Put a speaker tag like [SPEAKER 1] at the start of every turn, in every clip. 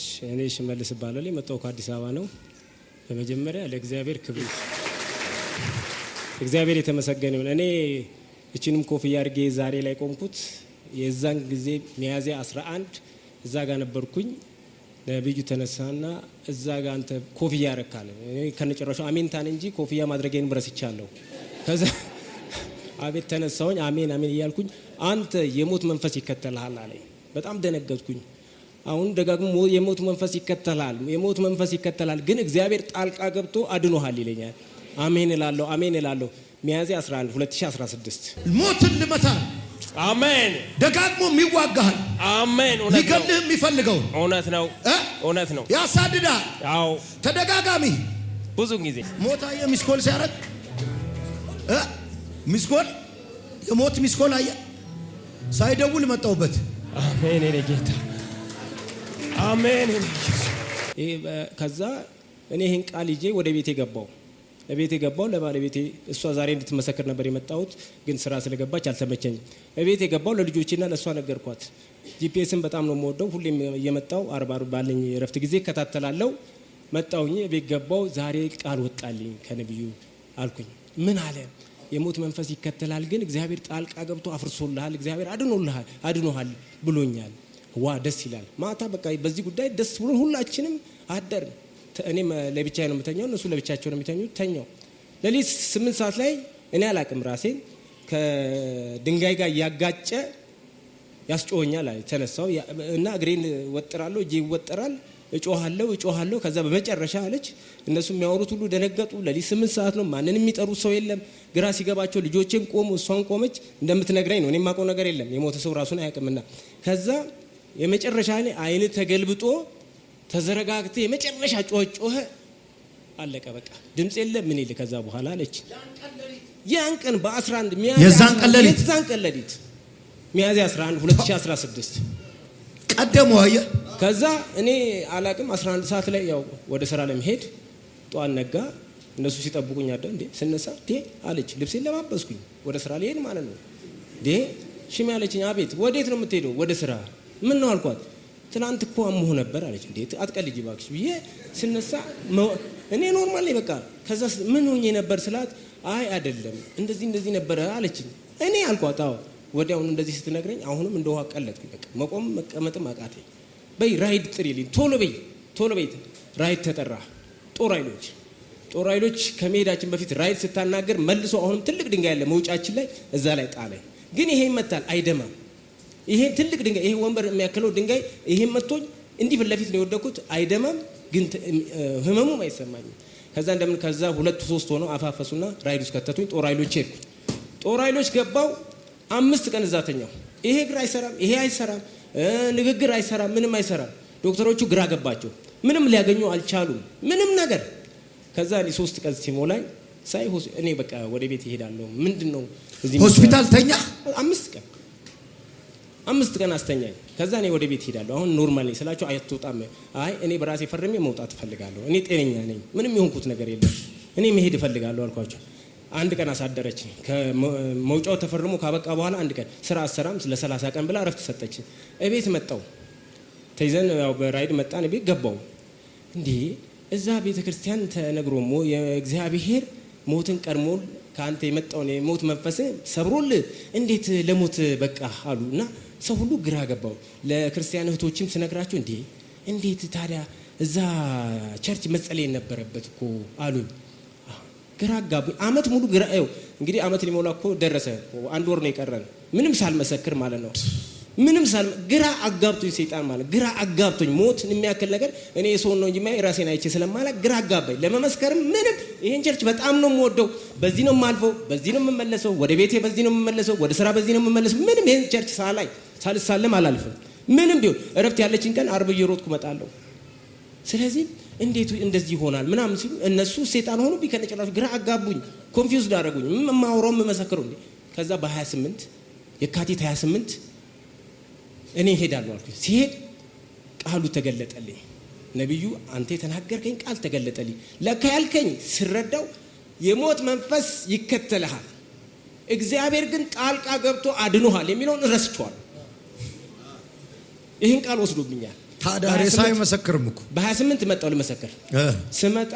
[SPEAKER 1] እሺ እኔ ሽመልስ እባላለሁ። የመጣው ከአዲስ አበባ ነው። በመጀመሪያ ለእግዚአብሔር ክብር እግዚአብሔር የተመሰገነ ይሁን። እኔ እችንም ኮፍያ አድርጌ ዛሬ ላይ ቆምኩት። የዛን ጊዜ ሚያዝያ 11 እዛ ጋር ነበርኩኝ። ነብዩ ተነሳና እዛ ጋር አንተ ኮፍያ ያረካለ ከነጨራሹ አሜንታን እንጂ ኮፍያ ማድረጌን ብረስቻለሁ። ከዛ አቤት ተነሳሁኝ። አሜን አሜን እያልኩኝ አንተ የሞት መንፈስ ይከተልሃል አለኝ። በጣም ደነገጥኩኝ። አሁን ደጋግሞ የሞት መንፈስ ይከተላል፣ የሞት መንፈስ ይከተላል፣ ግን እግዚአብሔር ጣልቃ ገብቶ አድኖሃል ይለኛል። አሜን እላለሁ፣ አሜን እላለሁ። ሚያዝያ 11 2016
[SPEAKER 2] ሞትን ልመታል። አሜን። ደጋግሞ የሚዋጋሃል አሜን። ሊገልህ የሚፈልገው
[SPEAKER 3] እውነት ነው፣ እውነት ነው።
[SPEAKER 2] ያሳድዳል። አዎ ተደጋጋሚ ብዙ ጊዜ ሞታ የሚስኮል ሲያረግ ሚስኮል የሞት ሚስኮል አየ ሳይደውል መጣውበት።
[SPEAKER 3] አሜን ጌታ አሜን።
[SPEAKER 1] ከዛ እኔ ይህን ቃል ይዤ ወደ ቤቴ ገባው። ቤቴ ገባው ለባለቤቴ እሷ ዛሬ እንድትመሰክር ነበር የመጣሁት፣ ግን ስራ ስለገባች አልተመቸኝም። ቤቴ ገባው ለልጆችና ለእሷ ነገርኳት። ጂፒኤስን በጣም ነው የምወደው። ሁሌም እየመጣው አርባ ባለኝ የረፍት ጊዜ እከታተላለሁ። መጣውኝ ቤት ገባው። ዛሬ ቃል ወጣልኝ ከነቢዩ አልኩኝ። ምን አለ? የሞት መንፈስ ይከተላል፣ ግን እግዚአብሔር ጣልቃ ገብቶ አፍርሶልሃል፣ እግዚአብሔር አድኖልሃል አድኖሃል ብሎኛል። ዋ ደስ ይላል። ማታ በቃ በዚህ ጉዳይ ደስ ብሎ ሁላችንም አደር። እኔ ለብቻ ነው የምተኛው፣ እነሱ ለብቻቸው ነው የሚተኙ። ተኛው ሌሊት ስምንት ሰዓት ላይ እኔ አላቅም ራሴን ከድንጋይ ጋር እያጋጨ ያስጮኸኛል። ተነሳው እና እግሬን ወጥራለሁ፣ እጄ ይወጠራል፣ እጮሃለሁ እጮሃለሁ። ከዛ በመጨረሻ አለች እነሱ የሚያወሩት ሁሉ ደነገጡ። ለሊት ስምንት ሰዓት ነው፣ ማንን የሚጠሩት ሰው የለም። ግራ ሲገባቸው ልጆቼን ቆሙ፣ እሷን ቆመች። እንደምትነግረኝ ነው እኔ የማውቀው ነገር የለም የሞተ ሰው ራሱን አያውቅምና ከዛ የመጨረሻ ላይ አይን ተገልብጦ ተዘረጋግተ የመጨረሻ ጮኸ አለቀ በቃ ድምፅ የለ ምን ይል ከዛ በኋላ አለች ያን ቀን በ11 የዛን ቀለሊት የዛን ቀን ሌሊት ሚያዝያ 11 2016 ቀደሙ አየ ከዛ እኔ አላቅም 11 ሰዓት ላይ ያው ወደ ስራ ለመሄድ ጧት ነጋ እነሱ ሲጠብቁኝ አደ እንዴ ስነሳ ዴ አለች ልብሴን ለማበስኩኝ ወደ ስራ ልሄድ ማለት ነው ዴ ሽም ያለችኝ አቤት ወዴት ነው የምትሄደው ወደ ስራ ምን ነው አልኳት። ትናንት እኮ አሞህ ነበር አለች። እንዴት አትቀልጂ እባክሽ ብዬ ስነሳ እኔ ኖርማል ላይ በቃ። ከዛ ምን ሆኜ ነበር ስላት፣ አይ አይደለም እንደዚህ እንደዚህ ነበረ አለችኝ። እኔ አልኳት፣ አዎ። ወዲያውኑ እንደዚህ ስትነግረኝ አሁንም እንደ ውሃ ቀለጥኩ። በቃ መቆም መቀመጥም አቃተኝ። በይ ራይድ ጥሪልኝ፣ ቶሎ በይ፣ ቶሎ በይ። ራይድ ተጠራ። ጦር ኃይሎች ጦር ኃይሎች ከመሄዳችን በፊት ራይድ ስታናገር መልሶ አሁንም ትልቅ ድንጋይ ያለ መውጫችን ላይ እዛ ላይ ጣለኝ። ግን ይሄ ይመታል አይደማም ይሄን ትልቅ ድንጋይ ይሄ ወንበር የሚያክለው ድንጋይ ይሄን መቶኝ እንዲህ ፊት ለፊት ነው የወደኩት። አይደማም፣ ግን ህመሙም አይሰማኝም። ከዛ እንደምን ከዛ ሁለቱ ሶስት ሆነው አፋፈሱና ራይድ ከተቱኝ። ጦር ኃይሎች ሄድኩ። ጦር ኃይሎች ገባው። አምስት ቀን እዛ ይሄ እግር አይሰራም፣ ይሄ አይሰራም፣ ንግግር አይሰራም፣ ምንም አይሰራም። ዶክተሮቹ ግራ ገባቸው። ምንም ሊያገኙ አልቻሉም፣ ምንም ነገር። ከዛ እኔ ሶስት ቀን ሲሞላኝ ሳይ እኔ በቃ ወደ ቤት ይሄዳለሁ። ምንድን
[SPEAKER 2] ነው ሆስፒታል ተኛ
[SPEAKER 1] አምስት ቀን አምስት ቀን አስተኛኝ። ከዛ እኔ ወደ ቤት ሄዳለሁ። አሁን ኖርማል ነኝ ስላቸው አትወጣም። አይ እኔ በራሴ ፈርሜ መውጣት እፈልጋለሁ። እኔ ጤነኛ ነኝ፣ ምንም የሆንኩት ነገር የለም። እኔ መሄድ እፈልጋለሁ አልኳቸው። አንድ ቀን አሳደረች። መውጫው ተፈርሞ ካበቃ በኋላ አንድ ቀን ስራ አሰራም ለሰላሳ ቀን ብላ እረፍት ሰጠች። እቤት መጣው ተይዘን ያው በራይድ መጣን። ቤት ገባው እንዲህ እዛ ቤተ ክርስቲያን ተነግሮሞ የእግዚአብሔር ሞትን ቀድሞ ከአንተ የመጣውን የሞት መንፈስ ሰብሮል እንዴት ለሞት በቃ አሉ እና ሰው ሁሉ ግራ ገባው። ለክርስቲያን እህቶችም ስነግራቸው እንዴ እንዴት ታዲያ እዛ ቸርች መጸለይ ነበረበት እኮ አሉኝ። ግራ ጋቡ። አመት ሙሉ ግራ እንግዲህ አመት ሊሞላ እኮ ደረሰ። አንድ ወር ነው የቀረን ምንም ሳልመሰክር ማለት ነው ምንም ሳል ግራ አጋብቶኝ ሰይጣን ማለት ግራ አጋብቶኝ ሞት የሚያክል ነገር እኔ የሰውን ነው እንጂ ራሴን አይቼ ስለማላቅ ግራ አጋባኝ። ለመመስከርም ምንም ይህን ቸርች በጣም ነው የምወደው። በዚህ ነው የማልፈው፣ በዚህ ነው የምመለሰው፣ ወደ ቤቴ በዚህ ነው የምመለሰው፣ ወደ ስራ በዚህ ነው የምመለሰው። ምንም ይህን ቸርች ሳላይ ሳልሳለም አላልፍም። ምንም ቢሆን እረፍት ያለችን ቀን አርብ እየሮጥኩ እመጣለሁ። ስለዚህ እንዴት እንደዚህ ይሆናል ምናምን ሲሉ እነሱ ሴጣን ሆኑ ቢከነጨራሹ ግራ አጋቡኝ፣ ኮንፊውዝድ አደረጉኝ። የማወራው የምመሰክረው ከዛ በ28 የካቲት 28 እኔ እሄዳለሁ አልኩኝ። ሲሄድ ቃሉ ተገለጠልኝ። ነቢዩ አንተ የተናገርከኝ ቃል ተገለጠልኝ። ለካ ያልከኝ ስረዳው የሞት መንፈስ ይከተልሃል፣ እግዚአብሔር ግን ጣልቃ ገብቶ አድኖሃል የሚለውን ረስቷል። ይህን ቃል ወስዶብኛል። ታዲያ ሬሳ አይመሰክርም እኮ በ28 መጣው ልመሰክር ስመጣ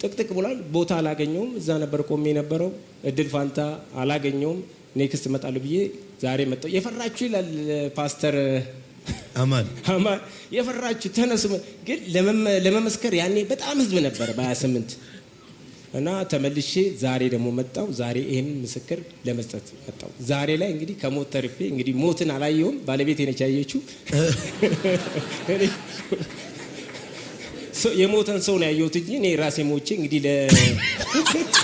[SPEAKER 1] ጥቅጥቅ ብሏል። ቦታ አላገኘውም። እዛ ነበር ቆሜ የነበረው። እድል ፋንታ አላገኘውም። ኔክስት እመጣለሁ ብዬ ዛሬ መጣሁ። የፈራችሁ ይላል ፓስተር አማን አማን የፈራችሁ ተነሱ። ግን ለመመስከር ያኔ በጣም ህዝብ ነበረ በሀያ ስምንት እና ተመልሼ ዛሬ ደግሞ መጣው። ዛሬ ይህን ምስክር ለመስጠት መጣው። ዛሬ ላይ እንግዲህ ከሞት ተርፌ እንግዲህ ሞትን አላየውም። ባለቤት ነች ያየችው። የሞተን ሰው ነው ያየሁት እንጂ እኔ ራሴ ሞቼ እንግዲህ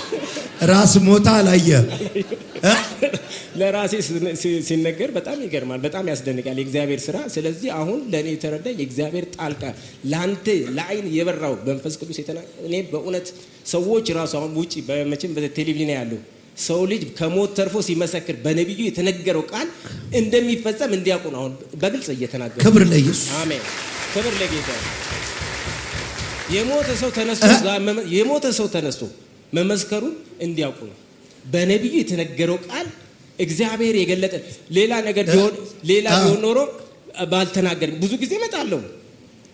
[SPEAKER 1] ራስ ሞታ አላየ ለራሴ ሲነገር በጣም ይገርማል፣ በጣም ያስደንቃል የእግዚአብሔር ስራ። ስለዚህ አሁን ለእኔ የተረዳ የእግዚአብሔር ጣልቃ ለአንተ ለአይን የበራው መንፈስ ቅዱስ እኔ በእውነት ሰዎች ራሱ አሁን ውጭ በመቼም በቴሌቪዥን ያሉ ሰው ልጅ ከሞት ተርፎ ሲመሰክር በነቢዩ የተነገረው ቃል እንደሚፈጸም እንዲያውቁ ነው አሁን በግልጽ እየተናገሩ። ክብር ለኢየሱስ፣ አሜን። ክብር ለጌታ። የሞተ ሰው ተነስቶ የሞተ ሰው ተነስቶ መመስከሩን እንዲያውቁ ነው። በነቢዩ የተነገረው ቃል እግዚአብሔር የገለጠ ሌላ ነገር ቢሆን ሌላ ቢሆን ኖሮ ባልተናገርም ብዙ ጊዜ እመጣለሁ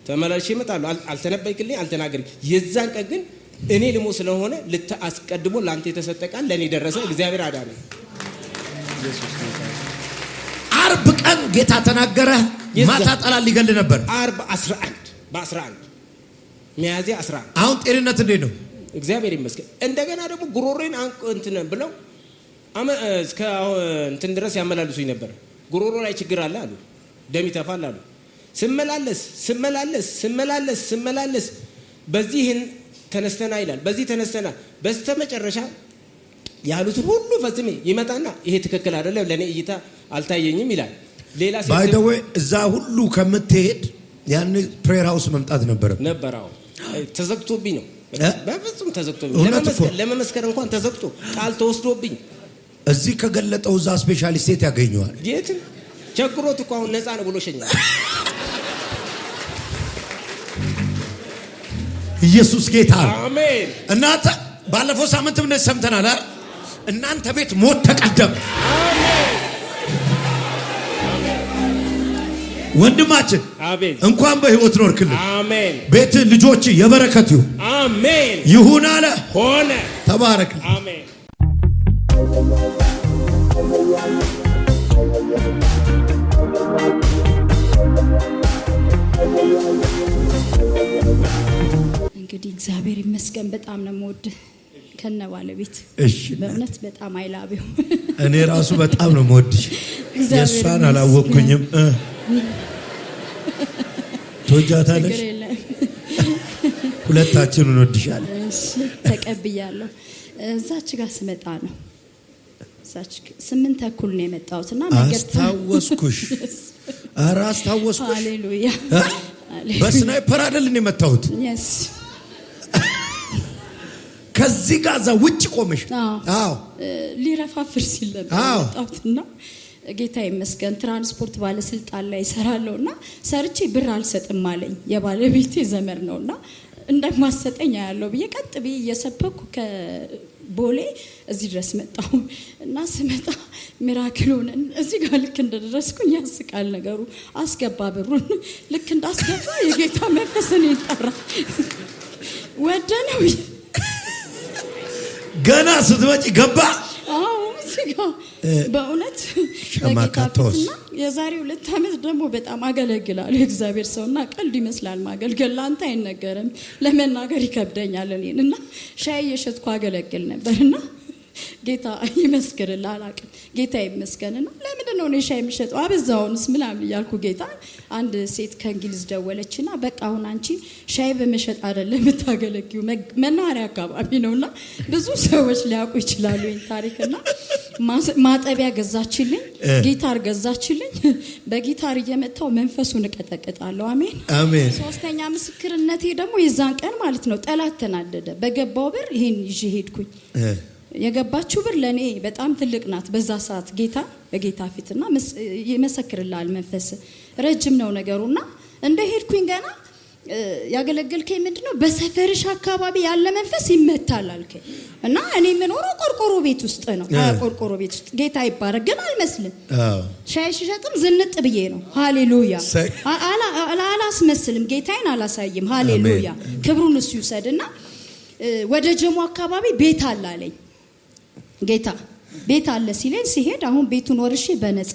[SPEAKER 1] ተመላልሼ እመጣለሁ። አልተነበይክልኝ አልተናገርም። የዛን ቀን ግን እኔ ልሞ ስለሆነ አስቀድሞ ለአንተ የተሰጠ ቃል ለእኔ ደረሰ። እግዚአብሔር አዳነ። አርብ ቀን ጌታ ተናገረ። ማታ ጠላት ሊገል ነበር። አርብ 11 በ11 ሚያዝያ 11 አሁን ጤንነት እንዴት ነው? እግዚአብሔር ይመስገን። እንደገና ደግሞ ጉሮሮን እንትን ብለው እስከ እንትን ድረስ ያመላልሱኝ ነበር። ጉሮሮ ላይ ችግር አለ አሉ፣ ደም ይተፋል አሉ። ስመላለስ ስመላለስ ስመላለስ ስመላለስ በዚህን ተነስተና ይላል በዚህ ተነስተና በስተ መጨረሻ ያሉትን ሁሉ ፈጽሜ ይመጣና ይሄ ትክክል አይደለም፣ ለእኔ እይታ አልታየኝም ይላል። ሌላ ባይደወ እዛ ሁሉ ከምትሄድ ያን ፕሬር ሃውስ መምጣት ነበረ ነበረ ተዘግቶብኝ ነው በፍጹም ተዘግቶ ለመመስከር እንኳን ተዘግቶ ቃል ተወስዶብኝ እዚህ ከገለጠው እዛ ስፔሻሊስት የት ያገኘዋል? የትም ቸግሮት እኮ አሁን ነፃ ነው ብሎ ሸኛል። ኢየሱስ ጌታ አሜን። እናንተ ባለፈው ሳምንት እምነት ሰምተናል። እናንተ ቤት ሞት ተቀደም። አሜን ወንድማችን እንኳን በህይወት ኖርክልን። ቤት ልጆች የበረከት ይሁን ይሁን አለ ሆነ። ተባረክ። እንግዲህ እግዚአብሔር ይመስገን። በጣም ነው የምወድህ ከነ ባለቤት በእውነት በጣም አይላቢው እኔ ራሱ በጣም ነው የምወድሽ የእሷን አላወቅኩኝም። ትወጃታለሽ? ሁለታችን እንወድሻለን። ተቀብያለሁ። እዛች ጋር ስመጣ ነው ስምንት ተኩል ነው የመጣሁት እና አስታወስኩሽ። ኧረ አስታወስኩሽ። ሃሌሉያ በስናይፐር አይደል የመታሁት። ከዚህ ጋር እዛ ውጭ ቆመሽ ሊረፋፍር ሲል ነበር የመጣሁት እና ጌታ ይመስገን ትራንስፖርት ባለስልጣን ላይ እሰራለሁ እና ሰርቼ ብር አልሰጥም አለኝ። የባለቤቴ ዘመድ ነው እና እንደማሰጠኝ ያለው ብዬ ቀጥ ብዬ እየሰበኩ ከቦሌ እዚህ ድረስ መጣሁ እና ስመጣ ሚራክል ሆነ። እዚህ ጋር ልክ እንደደረስኩኝ ያስቃል ነገሩ። አስገባ ብሩን። ልክ እንዳስገባ የጌታ መንፈስ ይጠራ ወደ ነው ገና ስትመጪ ገባ በእውነት ሸማካቶስና የዛሬ ሁለት ዓመት ደግሞ በጣም አገለግላሉ የእግዚአብሔር ሰውና ቀልድ ይመስላል ማገልገል ለአንተ አይነገርም ለመናገር ይከብደኛል እኔን እና ሻይ እየሸጥኩ አገለግል ነበር እና ጌታ ይመስገንላ አላቅም ጌታ ይመስገንና ለምንድን ነው ሻይ የምሸጠው አበዛውንስ ምናምን እያልኩ ጌታ አንድ ሴት ከእንግሊዝ ደወለችና በቃ አሁን አንቺ ሻይ በመሸጥ አይደለም የምታገለጊው መናኸሪያ አካባቢ ነውና ብዙ ሰዎች ሊያውቁ ይችላሉ ታሪክና ማጠቢያ ገዛችልኝ፣ ጊታር ገዛችልኝ። በጊታር እየመታው መንፈሱን እቀጠቅጣለሁ። አሜን አሜን። ሶስተኛ ምስክርነቴ ደግሞ የዛን ቀን ማለት ነው ጠላት ተናደደ። በገባው ብር ይህን ይዤ ሄድኩኝ። የገባችው ብር ለእኔ በጣም ትልቅ ናት። በዛ ሰዓት ጌታ በጌታ ፊትና ይመሰክርላል መንፈስ ረጅም ነው ነገሩና እንደ ሄድኩኝ ገና ያገለገልከኝ ምንድን ነው? በሰፈርሽ አካባቢ ያለ መንፈስ ይመታል አልከኝ እና እኔ የምኖረው ቆርቆሮ ቤት ውስጥ ነው። ቆርቆሮ ቤት ውስጥ ጌታ ይባረክ። ግን አልመስልም፣ ሻይ ሽሸጥም ዝንጥ ብዬ ነው። ሃሌሉያ። አላስመስልም፣ ጌታዬን አላሳይም። ሃሌሉያ። ክብሩን እሱ ይውሰድ እና ወደ ጀሞ አካባቢ ቤት አለ አለኝ ጌታ። ቤት አለ ሲለኝ ሲሄድ አሁን ቤቱን ወርሼ በነፃ